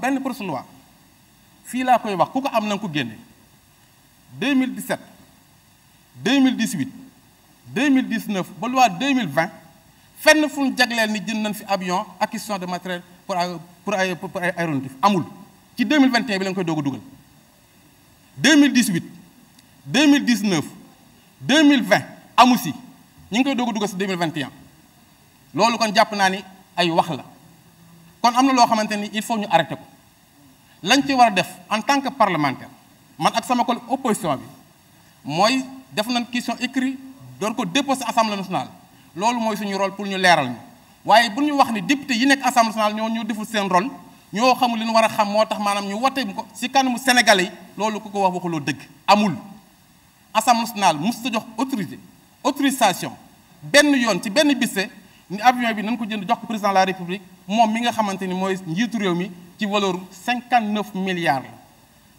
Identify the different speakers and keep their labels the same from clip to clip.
Speaker 1: Ben projet loi Fi la koy wax kuko am na ko 2017 2018 2019 ba 2020 fenn jaglél ni nañ fi avion de matériel pour pour amul ci 2021 bi koy 2018 2019 2020 Amusi. si koy dogu 2021 lolu kon japp naa ni ay wax la kon amna lo xamanteni il faut ñu lañ ci war a def en tant que parlementaire man ak sama collègue opposition bi mooy def nañ question écrit doon ko déposé assemblée nationale loolu mooy suñu rôle pour ñu leeral ñu waaye bu ñu wax ni député yi nekk assemblée nationale ñoo ñu deful seen rôle ñoo xamul li ñu war a xam moo tax maanaam ñu wote ko si kanamu sénégalais yi loolu ku ko wax waxuloo dëgg amul assemblée nationale mosut jox autorité autorisation benn yoon ci benn bisse ni avion bi nañ ko jënd jox ko président de la république moom mi nga xamante ni mooy njiitu réew mi qui valeur 59 milliards la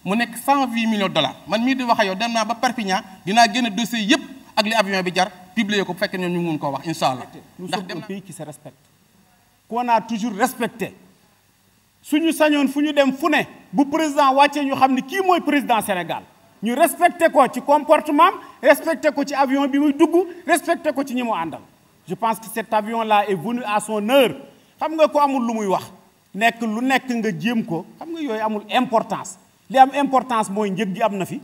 Speaker 1: mu 108 millions de dollars man mi di wax yow dem na ba Perpignan dina génne dossier yëpp ak li avion bi jar publier ko fekk ñu wax dem nous sommes un pays qui se respecte. qu'on a toujours respecté
Speaker 2: suñu sañoon fu ñu dem fu ne bu président wàccee ñu xamni ki moy président Sénégal ñu respecté ko ci comportement respecté ko ci avion bi muy dugg respecté ko ci ñi je pense que cet avion là est venu à son heure xam nga ko amul lu muy wax. nekk lu nekk nga jéem ko xam nga yooyu amul importance li am importance mooy njëg gi am na fi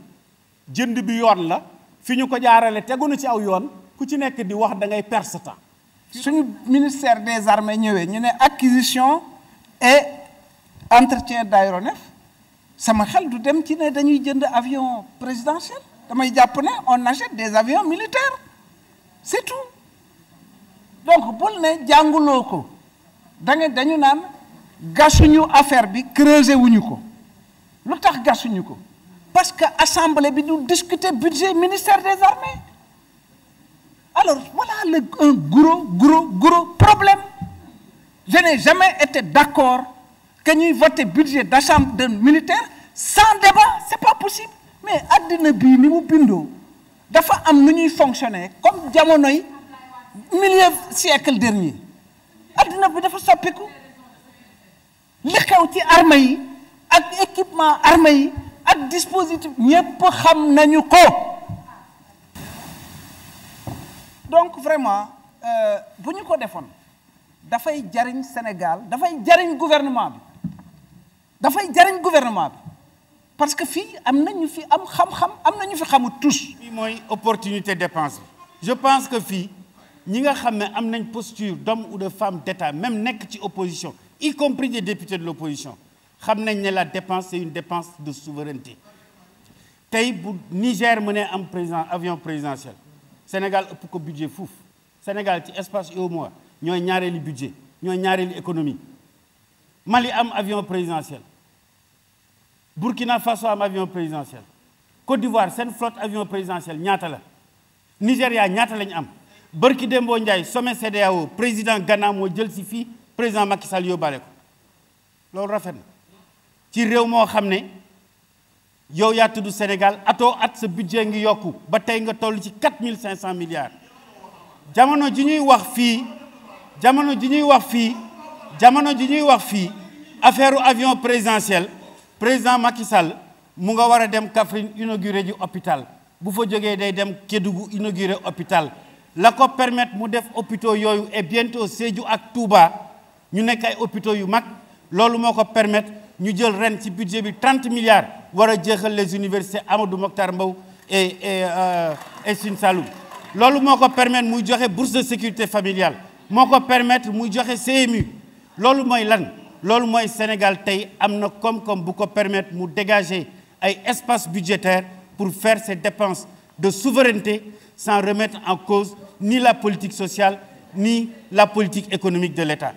Speaker 2: jënd bi yoon la fi ñu ko jaarale tegu na ci aw yoon ku ci nekk di wax da ngay persistant suñu ministère des armées ñëwee ñu ne acquisition
Speaker 3: et entretien d'aéronef sama xel du dem ci ne dañuy jënd avion présidentiel damay jàpp ne on achète des avions militaires c'est tout donc bul ne jànguloo ko da nga dañu naan gasuñu affaire bi creusé wuñu ko lu ko parce que assemblée bi du discuter budget ministère des armées alors voilà un gros gros gros problème je n'ai jamais été d'accord que votions le budget d'assemblée de militaire sans débat c'est pas possible mais àddina bi ni mu bindo dafa am nu ñuy fonctionner comme jamonoy milieu siècle dernier àddina bi dafa soppiku li ci armée yi ak équipement armée yi ak dispositif ñëpp xam nañu ko donc vraiment euh, bu ñu ko defoon dafay jariñ Sénégal dafay jariñ gouvernement bi dafay jariñ gouvernement bi parce que fii am na fi
Speaker 2: am xam-xam am na fi xamu tous. fii mooy opportunité dépense je pense que fii ñi nga xam ne am nañ posture d'homme ou de femme d'État même nekk ci opposition y compris des députés de l'opposition xam nañ que la dépense c'est une dépense de souveraineté Niger a un avion présidentiel Sénégal a un budget fouf. Sénégal ci espace y ñooy le budget avons ñaareelu économie Mali a un avion présidentiel Burkina Faso a un avion présidentiel Côte d'Ivoire c'est une flotte avion présidentiel a la avion présidentiel. Burkina am bërki Dembo avion sommet Le président Ghana a un président Macky Sall balé ko lolou rafet ci yow Sénégal ato at budget ngi yokku ba nga toll ci milliards jamono wax jamono wax jamono wax affaire avion présidentiel président Macky Sall mu nga wara dem Kaffrine inaugurer ji hôpital bu fa dem Kédougou inaugurer hôpital la permettre mu def hôpitaux et bientôt ak Touba nous nekk ay hôpitaux yu mag loolu moo ko permettre ñu jël budget bi 30 milliards pour les universités Amadou Mokhtar Mbow et et et euh, Sine salou loolu moo ko permettre muy bourse de sécurité familiale moo ko permettre muy joxe CMU loolu mooy lan loolu mooy Sénégal tey permettre mu dégager ay espace budgétaire pour faire ces dépenses de souveraineté sans remettre en cause ni la politique sociale ni la politique économique de l'État